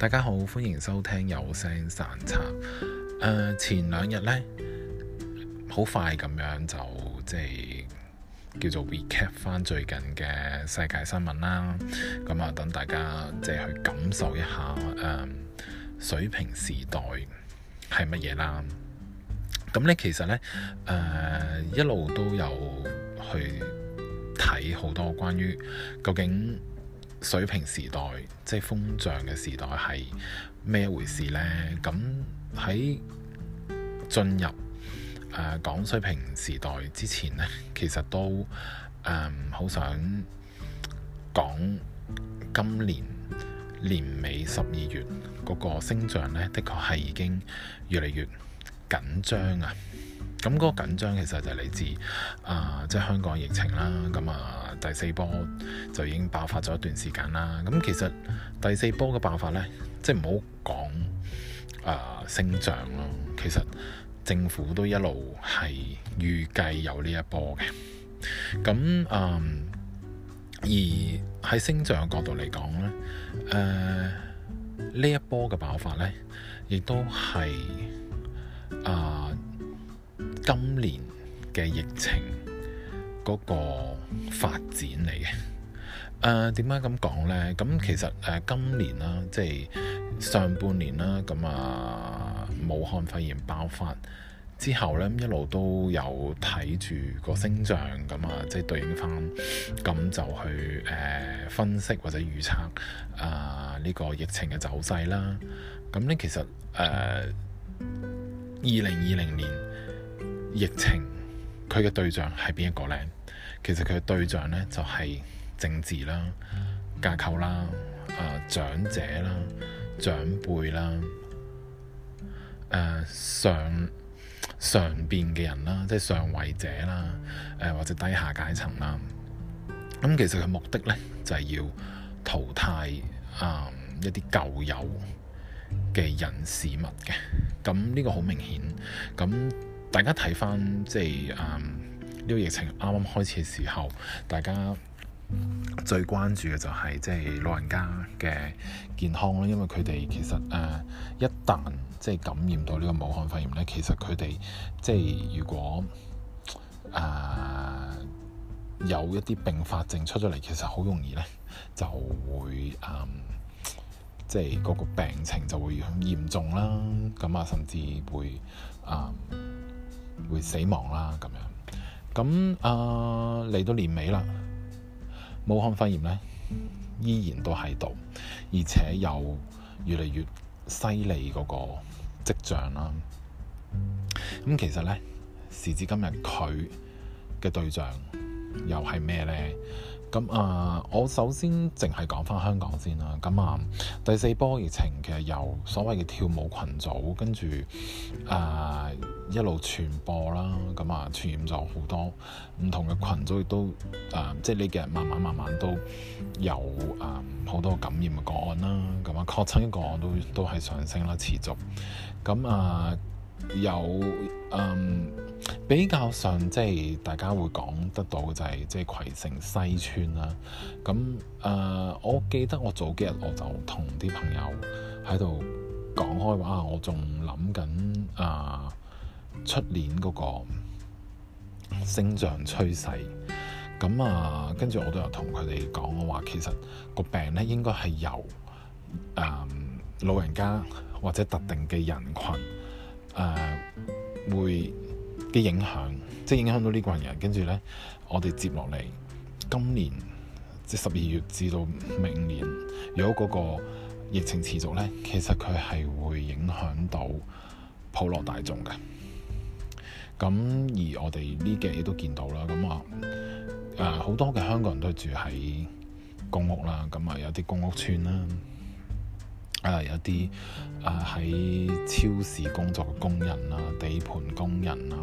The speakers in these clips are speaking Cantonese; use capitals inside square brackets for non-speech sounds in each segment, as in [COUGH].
大家好，歡迎收聽有聲散策，呃。前兩日呢，好快咁樣就即係叫做 recap 翻最近嘅世界新聞啦。咁啊，等大家即係去感受一下，呃、水瓶時代係乜嘢啦？咁呢，其實呢，誒、呃、一路都有去睇好多關於究竟水瓶時代即係風象嘅時代係咩回事呢？咁喺進入誒講、呃、水瓶時代之前呢，其實都誒好、呃、想講今年年尾十二月嗰個星象咧，的確係已經越嚟越緊張啊！咁嗰個緊張其實就係嚟自啊、呃，即係香港疫情啦。咁啊，第四波就已經爆發咗一段時間啦。咁、啊、其實第四波嘅爆發呢，即係唔好講啊升漲星象咯。其實政府都一路係預計有呢一波嘅。咁、啊、嗯，而喺星象角度嚟講呢，誒、呃、呢一波嘅爆發呢，亦都係啊。今年嘅疫情嗰個發展嚟嘅、 [LAUGHS] 呃，誒點解咁講呢？咁其實誒、呃、今年啦，即係上半年啦，咁啊，武漢肺炎爆發之後呢，一路都有睇住個星象，咁啊，即係對應翻咁就去誒、呃、分析或者預測啊呢、呢個疫情嘅走勢啦。咁、啊、呢，其實誒二零二零年。疫情佢嘅對象係邊一個呢？其實佢嘅對象呢，就係、是、政治啦、架構啦、誒、呃、長者啦、長輩啦、誒、呃、上上邊嘅人啦，即係上位者啦，誒、呃、或者低下階層啦。咁、嗯、其實佢目的呢，就係、是、要淘汰啊、呃、一啲舊有嘅人事物嘅。咁、嗯、呢、這個好明顯咁。嗯大家睇翻，即係嗯呢個疫情啱啱開始嘅時候，大家最關注嘅就係即係老人家嘅健康咯，因為佢哋其實誒一旦即係感染到呢個武漢肺炎咧，其實佢哋即係如果誒有一啲併發症出咗嚟，其實好容易咧就會嗯即係嗰個病情就會嚴重啦，咁啊甚至會嗯。會死亡啦，咁樣，咁啊嚟到年尾啦，武漢肺炎咧依然都喺度，而且又越嚟越犀利嗰個跡象啦。咁、嗯、其實咧，時至今日佢嘅對象又係咩咧？咁啊，我首先淨係講翻香港先啦。咁啊，第四波疫情其實由所謂嘅跳舞群組跟住啊一路傳播啦。咁啊，傳染咗好多唔同嘅群組，亦都啊，即係呢幾日慢慢慢慢都有啊好多感染嘅個案啦。咁啊，確診個案都都係上升啦，持續。咁啊，有嗯。比較上即係大家會講得到就係、是、即係葵盛西邨啦。咁誒、呃，我記得我早幾日我就同啲朋友喺度講開話，我仲諗緊誒出年嗰個星象趨勢。咁啊，跟、呃、住我都有同佢哋講，我話其實個病呢應該係由誒、呃、老人家或者特定嘅人群誒、呃、會。嘅影響，即係影響到呢羣人。跟住呢，我哋接落嚟今年即十二月至到明年，如果嗰個疫情持續呢，其實佢係會影響到普羅大眾嘅。咁而我哋呢幾日都見到啦。咁啊，誒、呃、好多嘅香港人都住喺公屋啦，咁啊有啲公屋邨啦。啊、呃！有啲啊喺超市工作嘅工人啦、啊，地盤工人啦，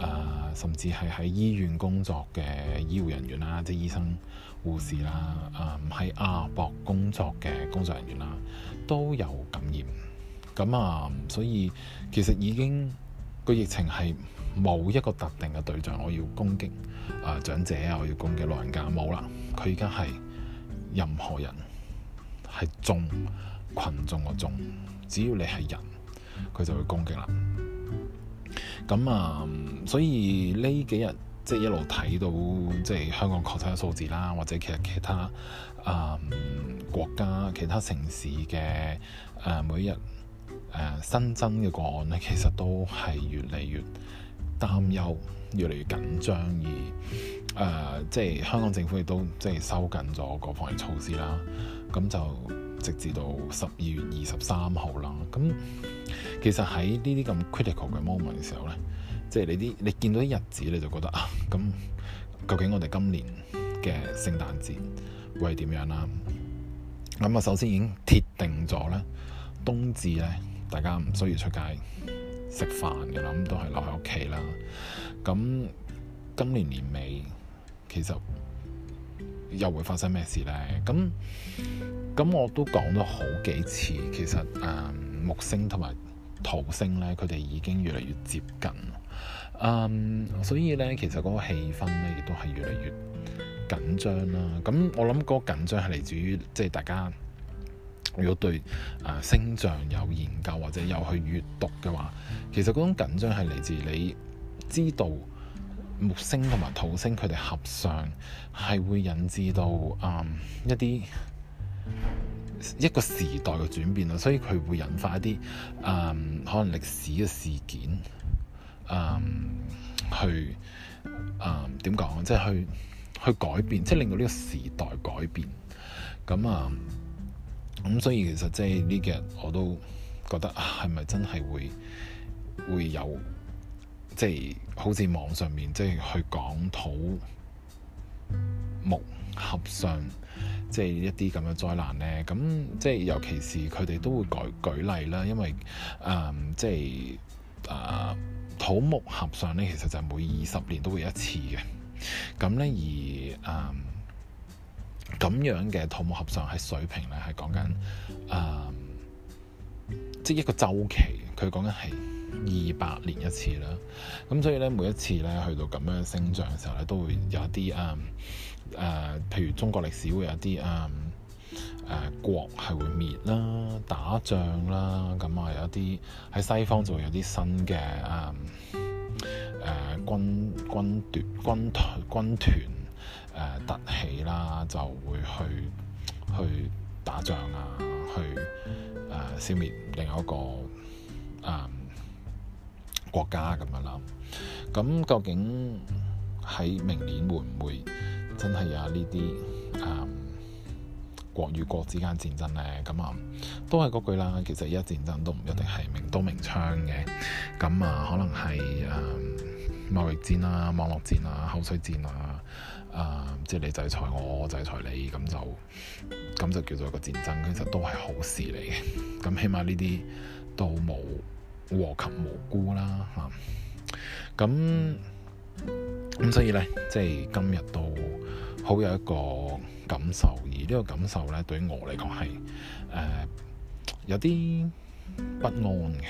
啊，甚至係喺醫院工作嘅醫護人員啦、啊，即係醫生、護士啦，啊，喺亞博工作嘅工作人員啦、啊，都有感染咁啊。所以其實已經個疫情係冇一個特定嘅對象，我要攻擊啊長者啊，我要攻擊老人家冇啦。佢而家係任何人係中。群眾個眾，只要你係人，佢就會攻擊啦。咁啊、嗯，所以呢幾日即係一路睇到，即、就、係、是、香港確診嘅數字啦，或者其實其他啊、嗯、國家、其他城市嘅誒、呃、每日誒、呃、新增嘅個案咧，其實都係越嚟越擔憂、越嚟越緊張，而誒即係香港政府亦都即係、就是、收緊咗嗰防疫措施啦。咁就。直至到十二月二十三號啦，咁其實喺呢啲咁 critical 嘅 moment 嘅時候咧，即係你啲你見到啲日子你就覺得啊，咁究竟我哋今年嘅聖誕節會係點樣啦？咁啊，首先已經鐵定咗咧，冬至咧，大家唔需要出街食飯㗎啦，咁都係留喺屋企啦。咁今年年尾其實又會發生咩事咧？咁咁我都講咗好幾次，其實誒、嗯、木星同埋土星咧，佢哋已經越嚟越接近，嗯，所以咧其實嗰個氣氛咧亦都係越嚟越緊張啦。咁我諗嗰個緊張係嚟自於即係大家如果對誒、呃、星象有研究或者有去閱讀嘅話，其實嗰種緊張係嚟自你知道木星同埋土星佢哋合上係會引致到誒、嗯、一啲一個時代嘅轉變咯，所以佢會引發一啲誒、呃，可能歷史嘅事件，呃、去誒點講，即係去去改變，即係令到呢個時代改變。咁啊，咁所以其實即係呢幾日我都覺得係咪、啊、真係會會有，即係好似網上面即係去講土木合相。即係一啲咁嘅災難呢，咁即係尤其是佢哋都會舉舉例啦，因為、嗯、即係、啊、土木合相呢，其實就係每二十年都會一次嘅。咁呢，而誒咁、嗯、樣嘅土木合相喺水瓶呢，係講緊即係一個周期，佢講緊係二百年一次啦。咁所以呢，每一次呢，去到咁樣星象嘅時候呢，都會有一啲誒。嗯誒、呃，譬如中國歷史會有啲誒誒國係會滅啦，打仗啦，咁啊有啲喺西方就會有啲新嘅誒誒軍軍奪軍，軍團軍團誒突起啦，就會去去打仗啊，去誒、呃、消滅另外一個誒、嗯、國家咁樣啦。咁究竟喺明年會唔會？真係啊！呢啲啊國與國之間戰爭咧，咁、嗯、啊都係嗰句啦。其實而家戰爭都唔一定係明刀明槍嘅，咁、嗯、啊可能係啊貿易戰啊、網絡戰啊、口水戰啊啊、嗯，即係你制裁我，我制裁你，咁就咁就叫做一個戰爭。其實都係好事嚟嘅，咁、嗯、起碼呢啲都冇禍及無辜啦。吓、嗯、咁。嗯嗯咁所以咧，即係今日都好有一個感受，而呢個感受咧，對於我嚟講係誒有啲不安嘅。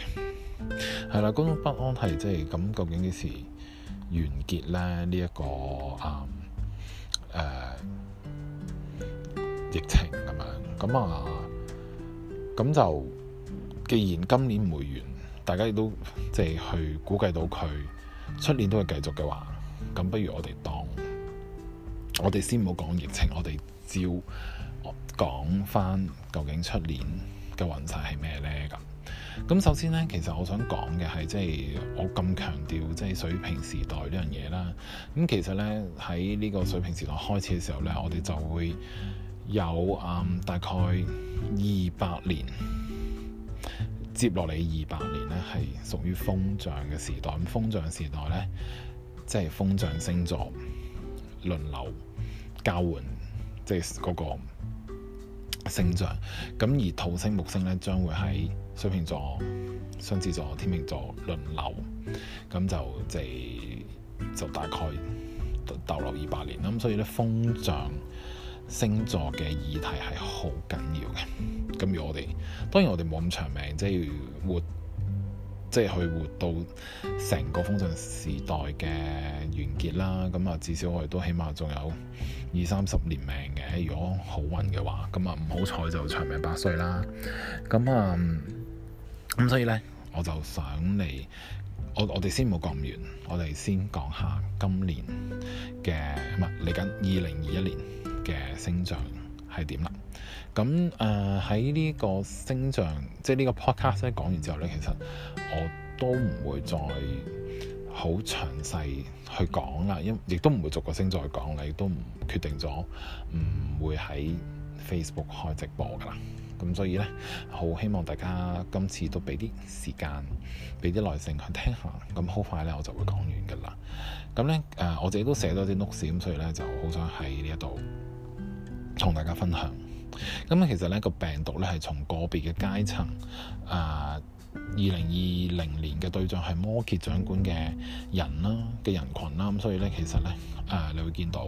係 [LAUGHS] 啦，嗰種不安係即係咁，究竟幾時完結咧？呢、這、一個誒、呃呃、疫情咁樣，咁啊，咁就既然今年未完，大家亦都即係去估計到佢。出年都會繼續嘅話，咁不如我哋當我哋先唔好講疫情，我哋照講翻究竟出年嘅運勢係咩呢？咁咁首先呢，其實我想講嘅係即係我咁強調即係水瓶時代呢樣嘢啦。咁其實呢，喺呢個水瓶時代開始嘅時候呢，我哋就會有啊、嗯、大概二百年。接落嚟二百年咧，係屬於風象嘅時代。咁風象時代咧，即係風象星座輪流交換，即係嗰個星象。咁而土星、木星咧，將會喺水瓶座、雙子座、天秤座輪流，咁就即係就大概逗留二百年啦。咁所以咧，風象。星座嘅議題係好緊要嘅。咁 [LAUGHS] 而我哋當然我哋冇咁長命，即係活即係去活到成個風象時代嘅完結啦。咁啊，至少我哋都起碼仲有二三十年命嘅。如果好運嘅話，咁啊唔好彩就長命百歲啦。咁啊咁，所以呢，我就想嚟我我哋先冇講完，我哋先講下今年嘅嚟緊二零二一年。嘅星象係點啦？咁誒喺呢個星象，即係呢個 podcast 咧講完之後呢，其實我都唔會再好詳細去講啦，因亦都唔會逐個星再講。亦都唔決定咗唔會喺 Facebook 開直播㗎啦。咁所以呢，好希望大家今次都俾啲時間，俾啲耐性去聽下。咁好快呢，我就會講完㗎啦。咁呢，誒、呃，我自己都寫咗啲 notes 咁，所以呢，就好想喺呢一度同大家分享，咁啊，其實咧個病毒咧係從個別嘅階層，啊、呃，二零二零年嘅對象係摩羯掌管嘅人啦嘅人群啦，咁所以咧其實咧，啊、呃，你會見到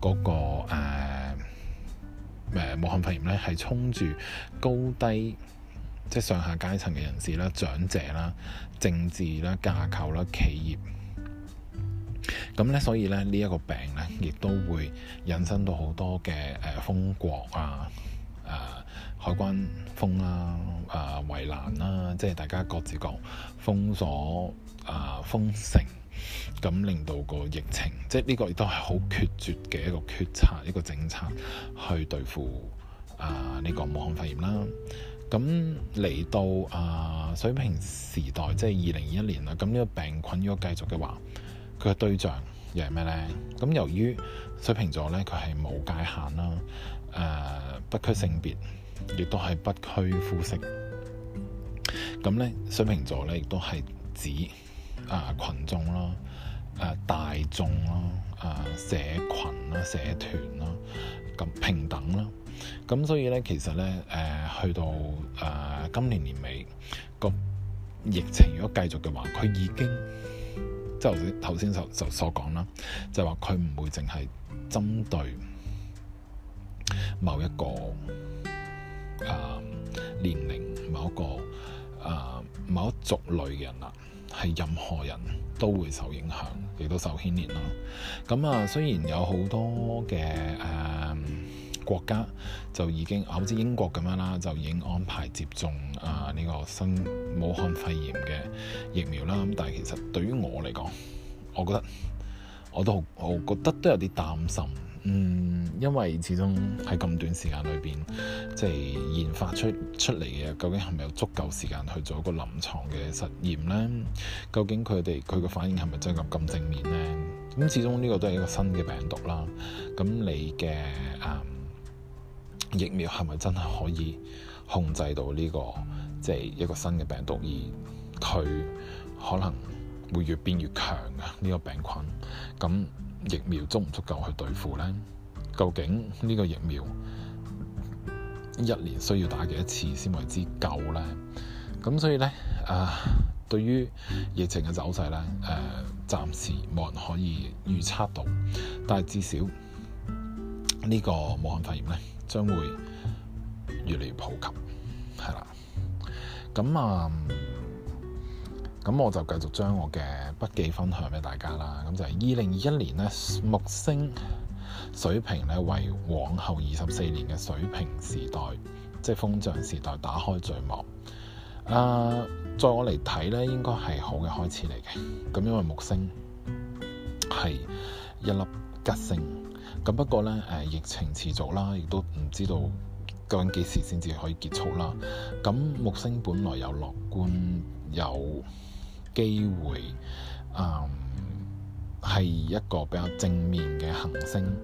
嗰、那個誒誒武漢肺炎咧係衝住高低，即、就、係、是、上下階層嘅人士啦、長者啦、政治啦、架構啦、企業。咁咧，所以咧呢一、這個病咧，亦都會引申到好多嘅誒封國啊，誒、呃、海關封啦、啊，誒圍欄啦，即係大家各自講封鎖啊、呃、封城，咁令到個疫情，即係呢個亦都係好決絕嘅一個決策，一個政策去對付啊呢、呃這個武漢肺炎啦。咁嚟到啊、呃、水瓶時代，即係二零二一年啦。咁呢個病菌如果繼續嘅話，嘅對象又係咩咧？咁由於水瓶座咧，佢係冇界限啦，誒、呃、不拘性別，亦都係不拘膚色。咁、嗯、咧，水瓶座咧亦都係指啊羣眾咯，誒、呃呃、大眾咯，誒、呃、社群咯、社團咯，咁、呃、平等咯。咁、呃、所以咧，其實咧誒、呃、去到誒、呃、今年年尾、這個疫情，如果繼續嘅話，佢已經。即係頭先就就所講啦，就係話佢唔會淨係針對某一個啊、呃、年齡、某一個啊、呃、某一族類嘅人啦，係任何人都會受影響，亦都受牽連咯。咁啊，雖然有好多嘅誒、呃國家就已經啊，好似英國咁樣啦，就已經安排接種啊呢個新武漢肺炎嘅疫苗啦。咁但係其實對於我嚟講，我覺得我都我覺得都有啲擔心。嗯，因為始終喺咁短時間裏邊，即係研發出出嚟嘅，究竟係咪有足夠時間去做一個臨床嘅實驗呢？究竟佢哋佢個反應係咪真係咁咁正面呢？咁始終呢個都係一個新嘅病毒啦。咁你嘅啊～疫苗係咪真係可以控制到呢個即係一個新嘅病毒，而佢可能會越變越強嘅呢個病菌？咁疫苗足唔足夠去對付呢？究竟呢個疫苗一年需要打幾多次先為之夠呢？咁所以呢，誒，對於疫情嘅走勢呢，誒，暫時冇人可以預測到，但係至少呢個武漢肺炎呢，將會越嚟越普及，係啦。咁啊，咁我就繼續將我嘅筆記分享俾大家啦。咁就係二零二一年呢，木星水瓶呢為往後二十四年嘅水瓶時代，即係風象時代打開序幕。啊，在我嚟睇呢，應該係好嘅開始嚟嘅。咁因為木星係一粒吉星。咁不過呢，誒疫情持續啦，亦都唔知道究竟幾時先至可以結束啦。咁木星本來有樂觀有機會，誒、嗯、係一個比較正面嘅行星。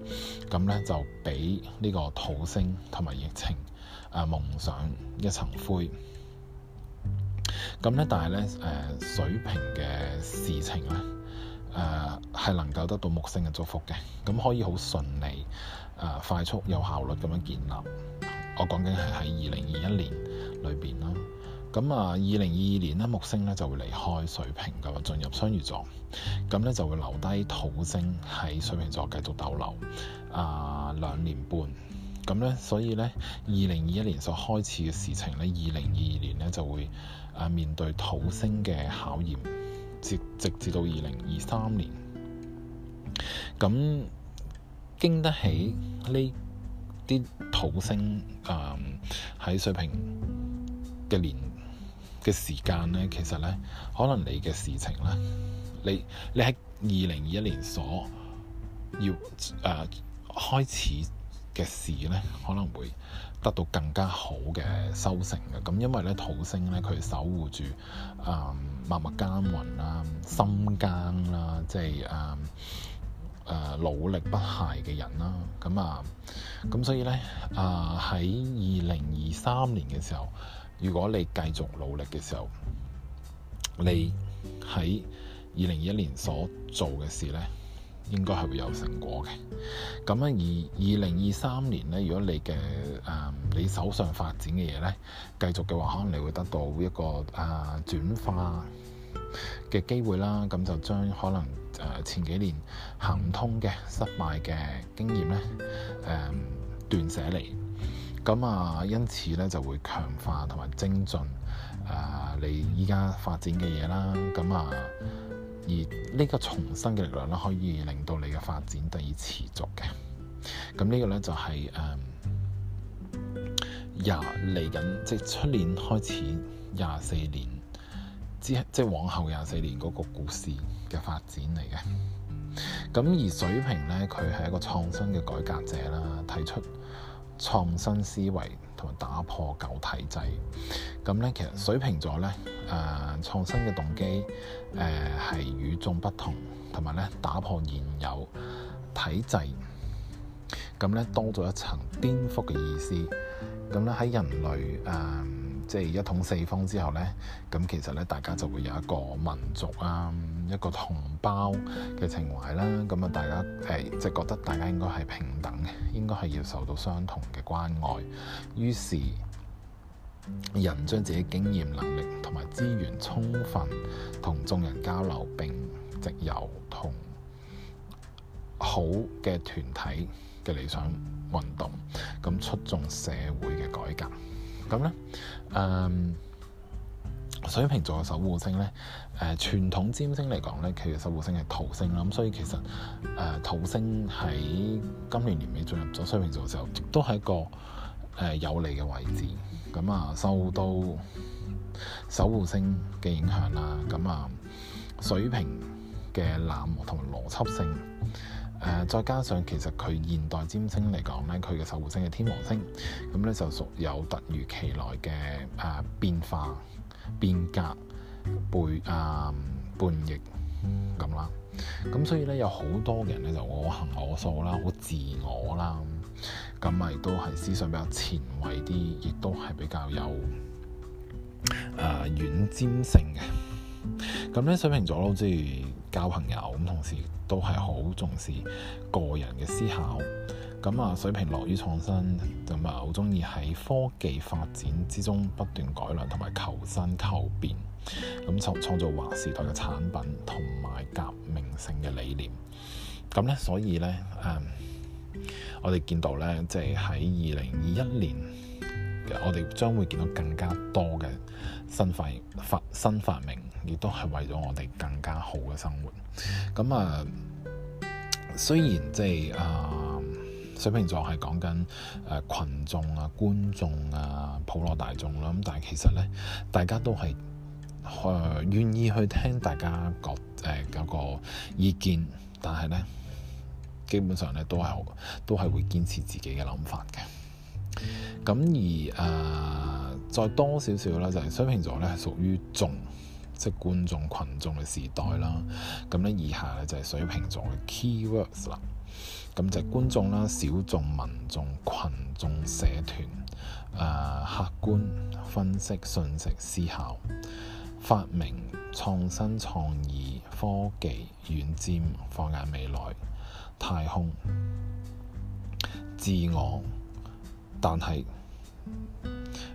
咁呢，就俾呢個土星同埋疫情誒、呃、蒙上一層灰。咁呢，但係呢，誒、呃、水瓶嘅事情咧。誒係、呃、能夠得到木星嘅祝福嘅，咁可以好順利、呃、快速、有效率咁樣建立。我講緊係喺二零二一年裏邊啦。咁啊，二零二二年呢，木星呢就會離開水瓶咁，進入雙魚座。咁呢，就會留低土星喺水瓶座繼續逗留啊兩年半。咁呢，所以呢，二零二一年所開始嘅事情呢，二零二二年呢就會面對土星嘅考驗。直至到二零二三年，咁經得起呢啲土星啊喺、呃、水瓶嘅年嘅時間呢？其實呢，可能你嘅事情呢，你你喺二零二一年所要誒、呃、開始。嘅事咧，可能會得到更加好嘅收成嘅。咁因為咧，土星咧，佢守護住啊默默耕耘啦、心耕啦，即係啊、嗯呃、努力不懈嘅人啦。咁、嗯、啊，咁所以咧啊喺二零二三年嘅時候，如果你繼續努力嘅時候，你喺二零二一年所做嘅事咧，應該係會有成果嘅。咁啊，而二零二三年咧，如果你嘅誒、呃、你手上發展嘅嘢咧，繼續嘅話，可能你會得到一個誒轉、呃、化嘅機會啦。咁就將可能誒前幾年行通嘅失敗嘅經驗咧，誒、呃、斷捨離。咁啊，因此咧就會強化同埋精進誒、呃、你依家發展嘅嘢啦。咁啊～而呢個重生嘅力量咧，可以令到你嘅發展得以持續嘅。咁呢個咧就係誒廿嚟緊，即係出年開始廿四年，之係即係往後廿四年嗰個故事嘅發展嚟嘅。咁而水瓶咧，佢係一個創新嘅改革者啦，提出創新思維。打破舊體制，咁咧其實水瓶座咧，誒、呃、創新嘅動機誒係與眾不同，同埋咧打破現有體制，咁咧多咗一層顛覆嘅意思，咁咧喺人類誒。呃即係一統四方之後呢，咁其實咧，大家就會有一個民族啊，一個同胞嘅情懷啦。咁啊，大家誒，即、呃、係覺得大家應該係平等嘅，應該係要受到相同嘅關愛。於是，人將自己經驗、能力同埋資源充分同眾人交流，並藉由同好嘅團體嘅理想運動，咁促進社會嘅改革。咁咧，嗯，水瓶座嘅守護星咧，誒、呃，傳統占星嚟講咧，其實守護星係土星啦。咁所以其實誒土、呃、星喺今年年尾進入咗水瓶座嘅時候，亦都係一個誒、呃、有利嘅位置。咁啊，受到守護星嘅影響啦。咁啊，水瓶嘅冷漠同埋邏輯性。呃、再加上其實佢現代占星嚟講呢，佢嘅守護星係天王星，咁呢就屬有突如其來嘅誒、呃、變化、變革、背誒、呃、叛逆咁啦。咁所以呢，有好多嘅人呢就我行我素啦，好自我啦，咁咪都係思想比較前衛啲，亦都係比較有誒遠瞻性嘅。咁呢，水瓶座好似。交朋友咁，同時都係好重視個人嘅思考。咁啊，水瓶樂於創新，同埋好中意喺科技發展之中不斷改良同埋求新求變。咁創創造劃時代嘅產品同埋革命性嘅理念。咁咧，所以咧，誒、嗯，我哋見到咧，即係喺二零二一年。我哋將會見到更加多嘅新發發新發明，亦都係為咗我哋更加好嘅生活。咁啊，雖然即係啊，水瓶座係講緊誒、呃、群眾啊、觀眾啊、普羅大眾啦、啊，咁但係其實咧，大家都係誒、呃、願意去聽大家講誒、呃嗰個意見，但係咧，基本上咧都係好，都係會堅持自己嘅諗法嘅。咁而誒、呃、再多少少啦，就係、是、水瓶座咧，係屬於眾即觀眾、群眾嘅時代啦。咁咧以下咧就係水瓶座嘅 keywords 啦。咁就係觀眾啦、小眾、民眾、群眾、社團、客觀、分析、信息、思考、發明、創新、創意、科技遠瞻、放眼未來、太空、自我。但係，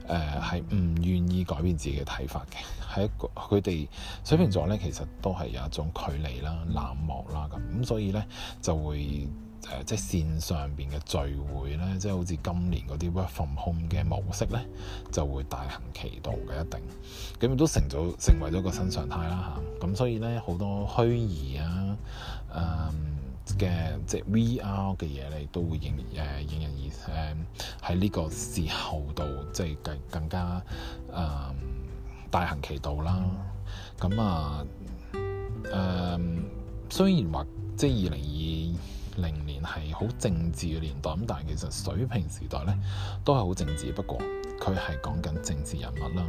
誒係唔願意改變自己嘅睇法嘅，係一個佢哋水瓶座咧，其實都係有一種距離啦、冷漠啦咁，咁所以咧就會誒、呃、即係線上面嘅聚會咧，即係好似今年嗰啲 work from home 嘅模式咧，就會大行其道嘅一定，咁亦都成咗成為咗個新常態啦嚇。咁所以咧好多虛擬啊，誒、嗯。嘅即係 VR 嘅嘢，你都會迎誒迎人而誒喺呢個時候度，即係更更加誒、呃、大行其道啦。咁啊誒、呃，雖然話即係二零二零年係好政治嘅年代，咁但係其實水瓶時代咧都係好政治，不過佢係講緊政治人物啦、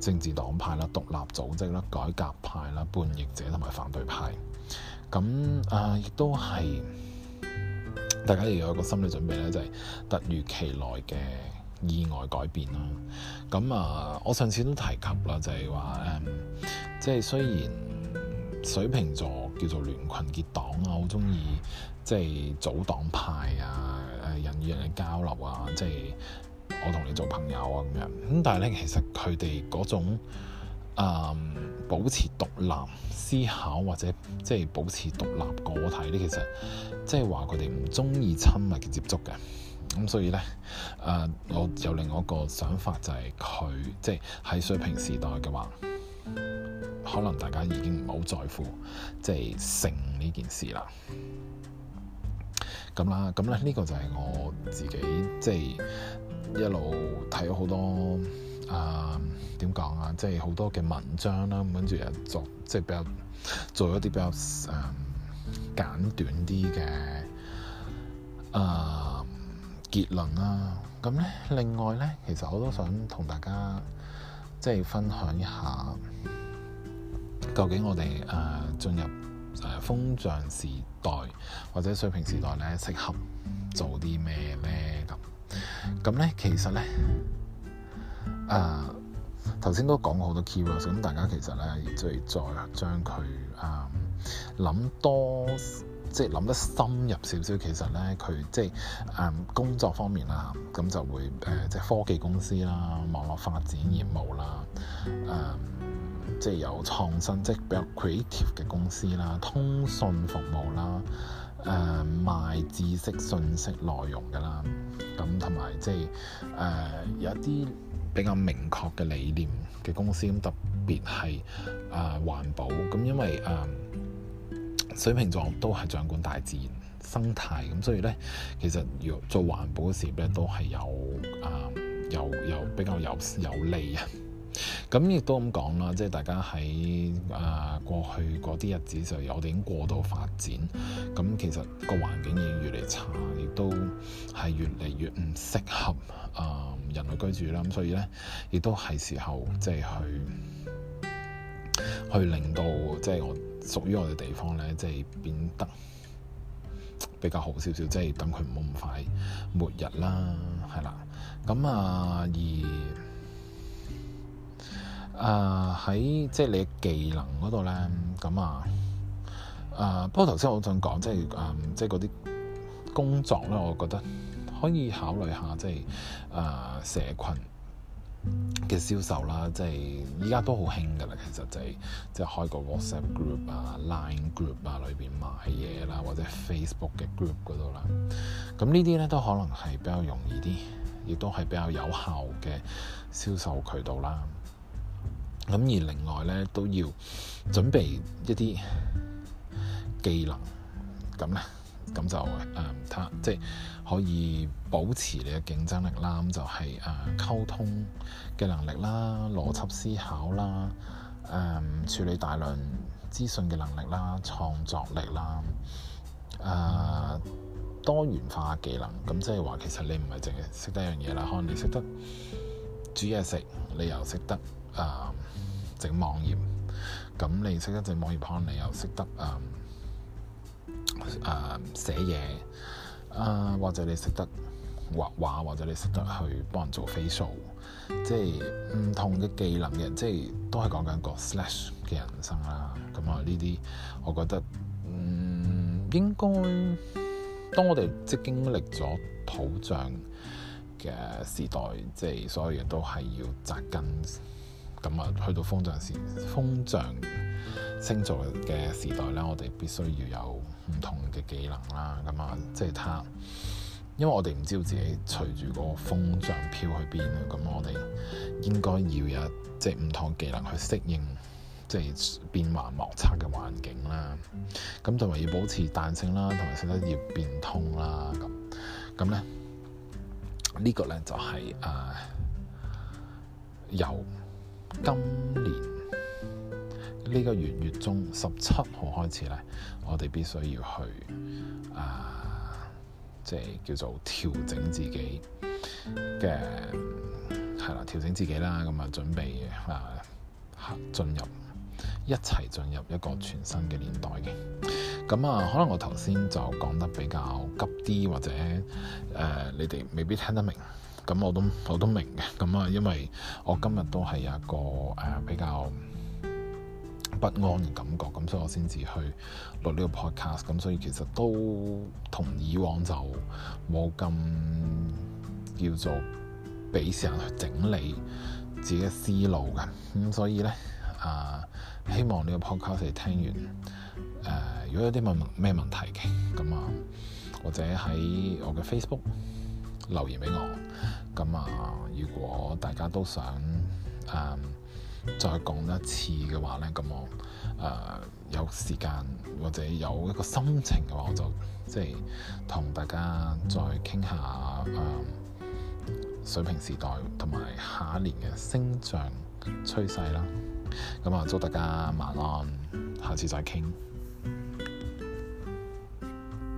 政治黨派啦、獨立組織啦、改革派啦、叛逆者同埋反對派。咁啊，亦都係大家要有一個心理準備咧，就係突如其來嘅意外改變啦。咁啊，我上次都提及啦，就係話誒，即係雖然水瓶座叫做聯群結黨啊，我好中意即係組黨派啊，誒人與人嘅交流啊，即係我同你做朋友啊咁樣。咁但係咧，其實佢哋嗰種啊！Um, 保持獨立思考或者即係保持獨立個體呢，其實即係話佢哋唔中意親密嘅接觸嘅。咁所以呢，啊、uh，我有另外一個想法就係、是、佢即係喺水平時代嘅話，可能大家已經唔好在乎即係性呢件事啦。咁啦，咁咧呢個就係我自己即係一路睇咗好多。啊，點講、呃、啊？即係好多嘅文章啦，跟住又做，即係比較做一啲比較誒、呃、簡短啲嘅啊結論啦。咁咧，另外咧，其實我都想同大家即係分享一下，究竟我哋誒、呃、進入誒、呃、風象時代或者水瓶時代咧，適合做啲咩咧？咁咁咧，其實咧。誒頭先都講過好多 key words，咁大家其實咧，再再將佢誒諗多，即係諗得深入少少。其實咧，佢即係誒、嗯、工作方面啦，咁就會誒即係科技公司啦、網絡發展業務啦、誒、嗯、即係有創新即比較 creative 嘅公司啦、通訊服務啦、誒、呃、賣知識信息內容噶啦，咁同埋即係誒、呃、有一啲。比較明確嘅理念嘅公司咁，特別係啊、呃、環保咁，因為啊、呃、水瓶座都係掌管大自然生態咁，所以咧其實要做環保嘅事咧，都係有啊、呃、有有比較有有利啊。咁亦都咁講啦，即係大家喺啊過去嗰啲日子就有點過度發展，咁其實個環境已經越嚟越差，亦都係越嚟越唔適合啊人類居住啦。咁所以咧，亦都係時候即係去去令到即係我屬於我哋地方咧，即係變得比較好少少，即係等佢唔好咁快末日啦，係啦。咁啊而。啊！喺、uh, 即係你嘅技能嗰度咧，咁啊，啊不過頭先我想講，即係嗯，即係嗰啲工作咧，我覺得可以考慮下，即係啊社群嘅銷售啦，即係依家都好興噶啦。其實就係、是、即係開個 WhatsApp group 啊、Line group 啊，裏邊賣嘢啦，或者 Facebook 嘅 group 嗰度啦。咁呢啲咧都可能係比較容易啲，亦都係比較有效嘅銷售渠道啦。咁而另外咧都要準備一啲技能，咁咧咁就誒，佢、嗯、即係可以保持你嘅競爭力啦。咁就係、是、誒、嗯、溝通嘅能力啦、邏輯思考啦、誒、嗯、處理大量資訊嘅能力啦、創作力啦、誒、嗯、多元化嘅技能。咁、嗯、即係話其實你唔係淨係識得一樣嘢啦，可能你識得，煮嘢食，你又識得誒、呃、整網頁咁，你識得整網頁，可能你又識得誒誒寫嘢誒、呃，或者你識得畫畫，或者你識得去幫人做飛數，即係唔同嘅技能嘅，即係都係講緊個 slash 嘅人生啦。咁啊，呢啲我覺得嗯應該當我哋即係經歷咗土象。嘅時代，即係所有嘢都係要扎根。咁啊，去到風象時，風象星座嘅時代咧，我哋必須要有唔同嘅技能啦。咁啊，即係他，因為我哋唔知道自己隨住個風象飄去邊啊。咁我哋應該要有即係唔同技能去適應即係、就是、變幻莫測嘅環境啦。咁同埋要保持彈性啦，同埋識得要變通啦。咁咁咧。個呢個咧就係、是、誒、呃、由今年呢、這個元月，月中十七號開始咧，我哋必須要去誒、呃，即係叫做調整自己嘅係啦，調、嗯啊、整自己啦，咁啊準備啊進入一齊進入一個全新嘅年代嘅。咁啊、嗯，可能我頭先就講得比較急啲，或者誒、呃、你哋未必聽得明。咁、嗯、我都我都明嘅。咁、嗯、啊，因為我今日都係有一個誒、呃、比較不安嘅感覺，咁、嗯、所以我先至去錄呢個 podcast、嗯。咁所以其實都同以往就冇咁叫做俾時間去整理自己嘅思路嘅。咁、嗯、所以咧啊、呃，希望呢個 podcast 你聽完。誒，如果有啲問問咩問題嘅，咁啊，或者喺我嘅 Facebook 留言俾我咁啊。如果大家都想誒、嗯、再講一次嘅話咧，咁我誒、呃、有時間或者有一個心情嘅話，我就即係同大家再傾下、嗯、水瓶時代同埋下一年嘅星象趨勢啦。咁啊，我祝大家晚安，下次再傾。